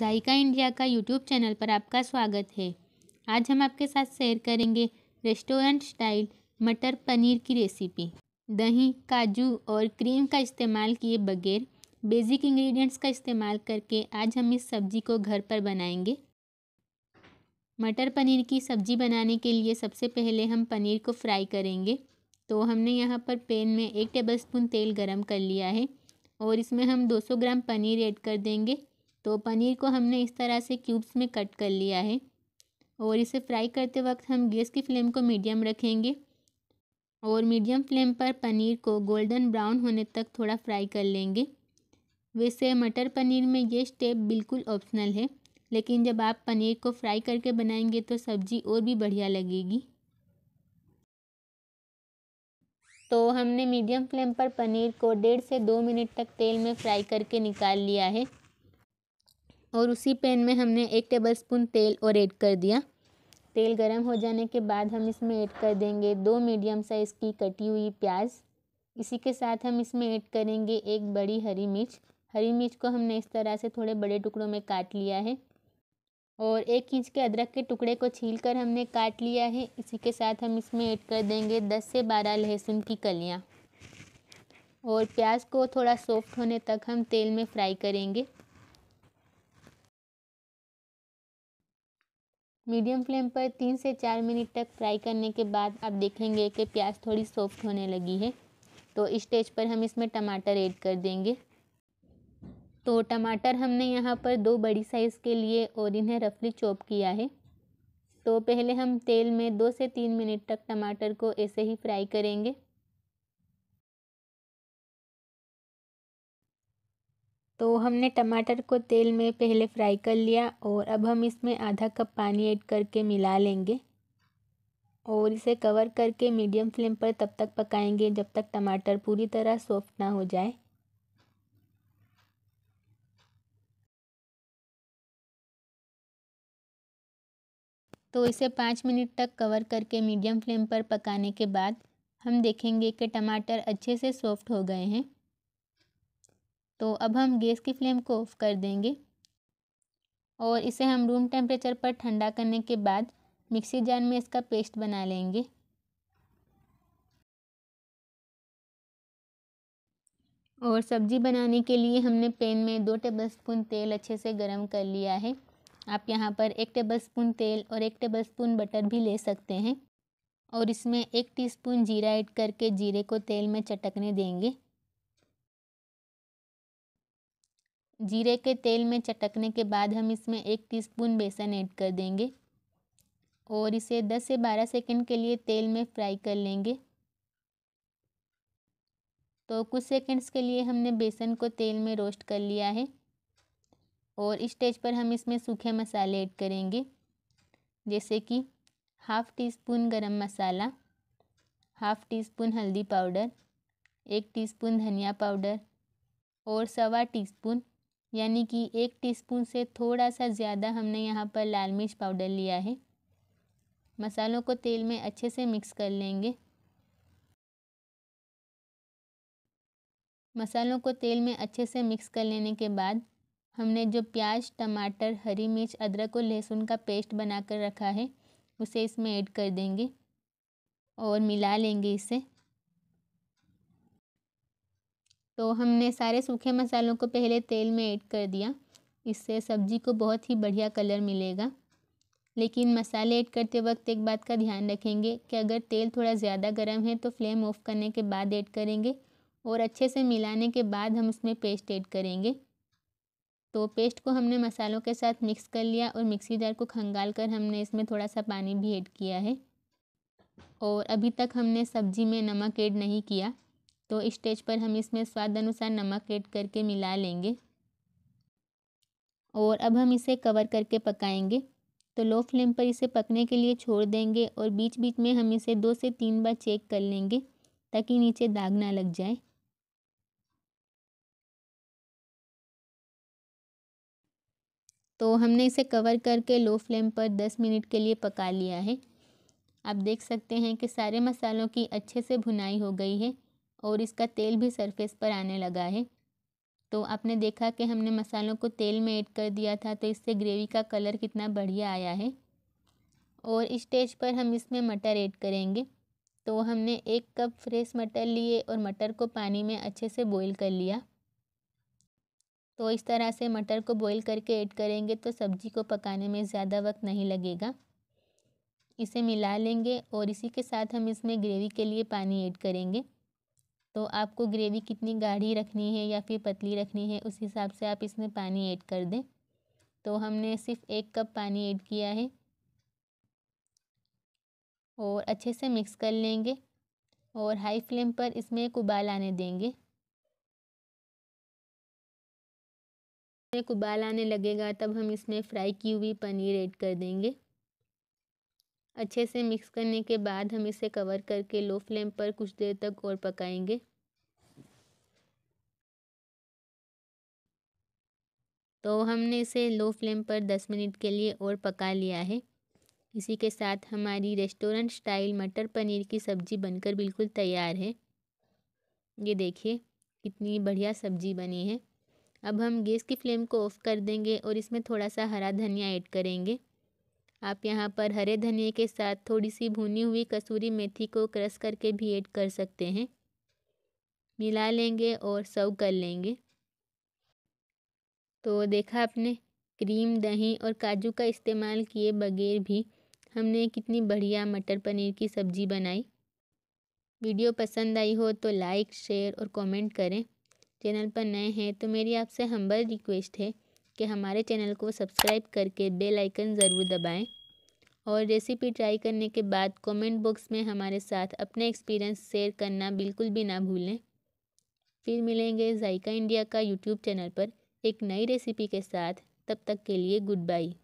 जायका India का YouTube channel पर आपका स्वागत है आज हम आपके साथ शेयर करेंगे रेस्टोरेंट स्टाइल मटर पनीर की रेसिपी दही काजू और क्रीम का इस्तेमाल किए बगैर बेसिक इंग्रेडिएंट्स का इस्तेमाल करके आज हम इस सब्ज़ी को घर पर बनाएंगे मटर पनीर की सब्ज़ी बनाने के लिए सबसे पहले हम पनीर को फ्राई करेंगे तो हमने यहाँ पर पैन में एक टेबलस्पून तेल गरम कर लिया है और इसमें हम 200 ग्राम पनीर ऐड कर देंगे तो पनीर को हमने इस तरह से क्यूब्स में कट कर लिया है और इसे फ्राई करते वक्त हम गैस की फ्लेम को मीडियम रखेंगे और मीडियम फ्लेम पर पनीर को गोल्डन ब्राउन होने तक थोड़ा फ्राई कर लेंगे वैसे मटर पनीर में ये स्टेप बिल्कुल ऑप्शनल है लेकिन जब आप पनीर को फ्राई करके बनाएंगे तो सब्ज़ी और भी बढ़िया लगेगी तो हमने मीडियम फ्लेम पर पनीर को डेढ़ से दो मिनट तक तेल में फ्राई करके निकाल लिया है और उसी पैन में हमने एक टेबलस्पून तेल और ऐड कर दिया तेल गरम हो जाने के बाद हम इसमें ऐड कर देंगे दो मीडियम साइज़ की कटी हुई प्याज इसी के साथ हम इसमें ऐड करेंगे एक बड़ी हरी मिर्च हरी मिर्च को हमने इस तरह से थोड़े बड़े टुकड़ों में काट लिया है और एक इंच के अदरक के टुकड़े को छील कर हमने काट लिया है इसी के साथ हम इसमें ऐड कर देंगे दस से बारह लहसुन की कलियाँ और प्याज को थोड़ा सॉफ्ट होने तक हम तेल में फ्राई करेंगे मीडियम फ्लेम पर तीन से चार मिनट तक फ्राई करने के बाद आप देखेंगे कि प्याज थोड़ी सॉफ्ट होने लगी है तो इस स्टेज पर हम इसमें टमाटर ऐड कर देंगे तो टमाटर हमने यहाँ पर दो बड़ी साइज़ के लिए और इन्हें रफली चॉप किया है तो पहले हम तेल में दो से तीन मिनट तक टमाटर को ऐसे ही फ्राई करेंगे तो हमने टमाटर को तेल में पहले फ्राई कर लिया और अब हम इसमें आधा कप पानी ऐड करके मिला लेंगे और इसे कवर करके मीडियम फ्लेम पर तब तक पकाएंगे जब तक टमाटर पूरी तरह सॉफ्ट ना हो जाए तो इसे पाँच मिनट तक कवर करके मीडियम फ्लेम पर पकाने के बाद हम देखेंगे कि टमाटर अच्छे से सॉफ्ट हो गए हैं तो अब हम गैस की फ्लेम को ऑफ कर देंगे और इसे हम रूम टेम्परेचर पर ठंडा करने के बाद मिक्सी जार में इसका पेस्ट बना लेंगे और सब्ज़ी बनाने के लिए हमने पैन में दो टेबलस्पून तेल अच्छे से गर्म कर लिया है आप यहाँ पर एक टेबलस्पून तेल और एक टेबलस्पून बटर भी ले सकते हैं और इसमें एक टीस्पून जीरा ऐड करके जीरे को तेल में चटकने देंगे जीरे के तेल में चटकने के बाद हम इसमें एक टीस्पून बेसन ऐड कर देंगे और इसे 10 से 12 सेकंड के लिए तेल में फ्राई कर लेंगे तो कुछ सेकंड्स के लिए हमने बेसन को तेल में रोस्ट कर लिया है और इस स्टेज पर हम इसमें सूखे मसाले ऐड करेंगे जैसे कि half teaspoon garam masala half teaspoon हल्दी पाउडर एक टीस्पून धनिया पाउडर और सवा टीस्पून यानी कि एक टीस्पून से थोड़ा सा ज़्यादा हमने यहाँ पर लाल मिर्च पाउडर लिया है मसालों को तेल में अच्छे से मिक्स कर लेंगे मसालों को तेल में अच्छे से मिक्स कर लेने के बाद हमने जो प्याज टमाटर हरी मिर्च अदरक और लहसुन का पेस्ट बनाकर रखा है उसे इसमें ऐड कर देंगे और मिला लेंगे इसे तो हमने सारे सूखे मसालों को पहले तेल में ऐड कर दिया इससे सब्जी को बहुत ही बढ़िया कलर मिलेगा लेकिन मसाले ऐड करते वक्त एक बात का ध्यान रखेंगे कि अगर तेल थोड़ा ज़्यादा गर्म है तो फ्लेम ऑफ करने के बाद ऐड करेंगे और अच्छे से मिलाने के बाद हम उसमें पेस्ट ऐड करेंगे तो पेस्ट को हमने मसालों के साथ मिक्स कर लिया और मिक्सी जार को खंगाल कर हमने इसमें थोड़ा सा पानी भी ऐड किया है और अभी तक हमने सब्जी में नमक ऐड नहीं किया तो स्टेज पर हम इसमें स्वाद अनुसार नमक ऐड करके मिला लेंगे और अब हम इसे कवर करके पकाएंगे तो लो फ्लेम पर इसे पकने के लिए छोड़ देंगे और बीच बीच में हम इसे दो से तीन बार चेक कर लेंगे ताकि नीचे दाग ना लग जाए तो हमने इसे कवर करके लो फ्लेम पर दस मिनट के लिए पका लिया है आप देख सकते हैं कि सारे मसालों की अच्छे से भुनाई हो गई है और इसका तेल भी सरफेस पर आने लगा है तो आपने देखा कि हमने मसालों को तेल में ऐड कर दिया था तो इससे ग्रेवी का कलर कितना बढ़िया आया है और स्टेज पर हम इसमें मटर ऐड करेंगे तो हमने एक कप फ्रेश मटर लिए और मटर को पानी में अच्छे से बॉईल कर लिया तो इस तरह से मटर को बॉईल करके ऐड करेंगे तो सब्ज़ी को पकाने में ज़्यादा वक्त नहीं लगेगा इसे मिला लेंगे और इसी के साथ हम इसमें ग्रेवी के लिए पानी ऐड करेंगे तो आपको ग्रेवी कितनी गाढ़ी रखनी है या फिर पतली रखनी है उस हिसाब से आप इसमें पानी ऐड कर दें तो हमने सिर्फ एक कप पानी ऐड किया है और अच्छे से मिक्स कर लेंगे और हाई फ्लेम पर इसमें एक उबाल आने देंगे एक उबाल आने लगेगा तब हम इसमें फ्राई की हुई पनीर ऐड कर देंगे अच्छे से मिक्स करने के बाद हम इसे कवर करके लो फ्लेम पर कुछ देर तक और पकाएंगे तो हमने इसे लो फ्लेम पर दस मिनट के लिए और पका लिया है इसी के साथ हमारी रेस्टोरेंट स्टाइल मटर पनीर की सब्ज़ी बनकर बिल्कुल तैयार है ये देखिए कितनी बढ़िया सब्ज़ी बनी है अब हम गैस की फ्लेम को ऑफ़ कर देंगे और इसमें थोड़ा सा हरा धनिया ऐड करेंगे आप यहाँ पर हरे धनिए के साथ थोड़ी सी भुनी हुई कसूरी मेथी को क्रश करके भी ऐड कर सकते हैं मिला लेंगे और सर्व कर लेंगे तो देखा आपने क्रीम दही और काजू का इस्तेमाल किए बगैर भी हमने कितनी बढ़िया मटर पनीर की सब्ज़ी बनाई वीडियो पसंद आई हो तो लाइक शेयर और कमेंट करें चैनल पर नए हैं तो मेरी आपसे हम्बल रिक्वेस्ट है कि हमारे चैनल को सब्सक्राइब करके बेल आइकन ज़रूर दबाएं और रेसिपी ट्राई करने के बाद कमेंट बॉक्स में हमारे साथ अपने एक्सपीरियंस शेयर करना बिल्कुल भी ना भूलें फिर मिलेंगे जायका इंडिया का यूट्यूब चैनल पर एक नई रेसिपी के साथ तब तक के लिए गुड बाई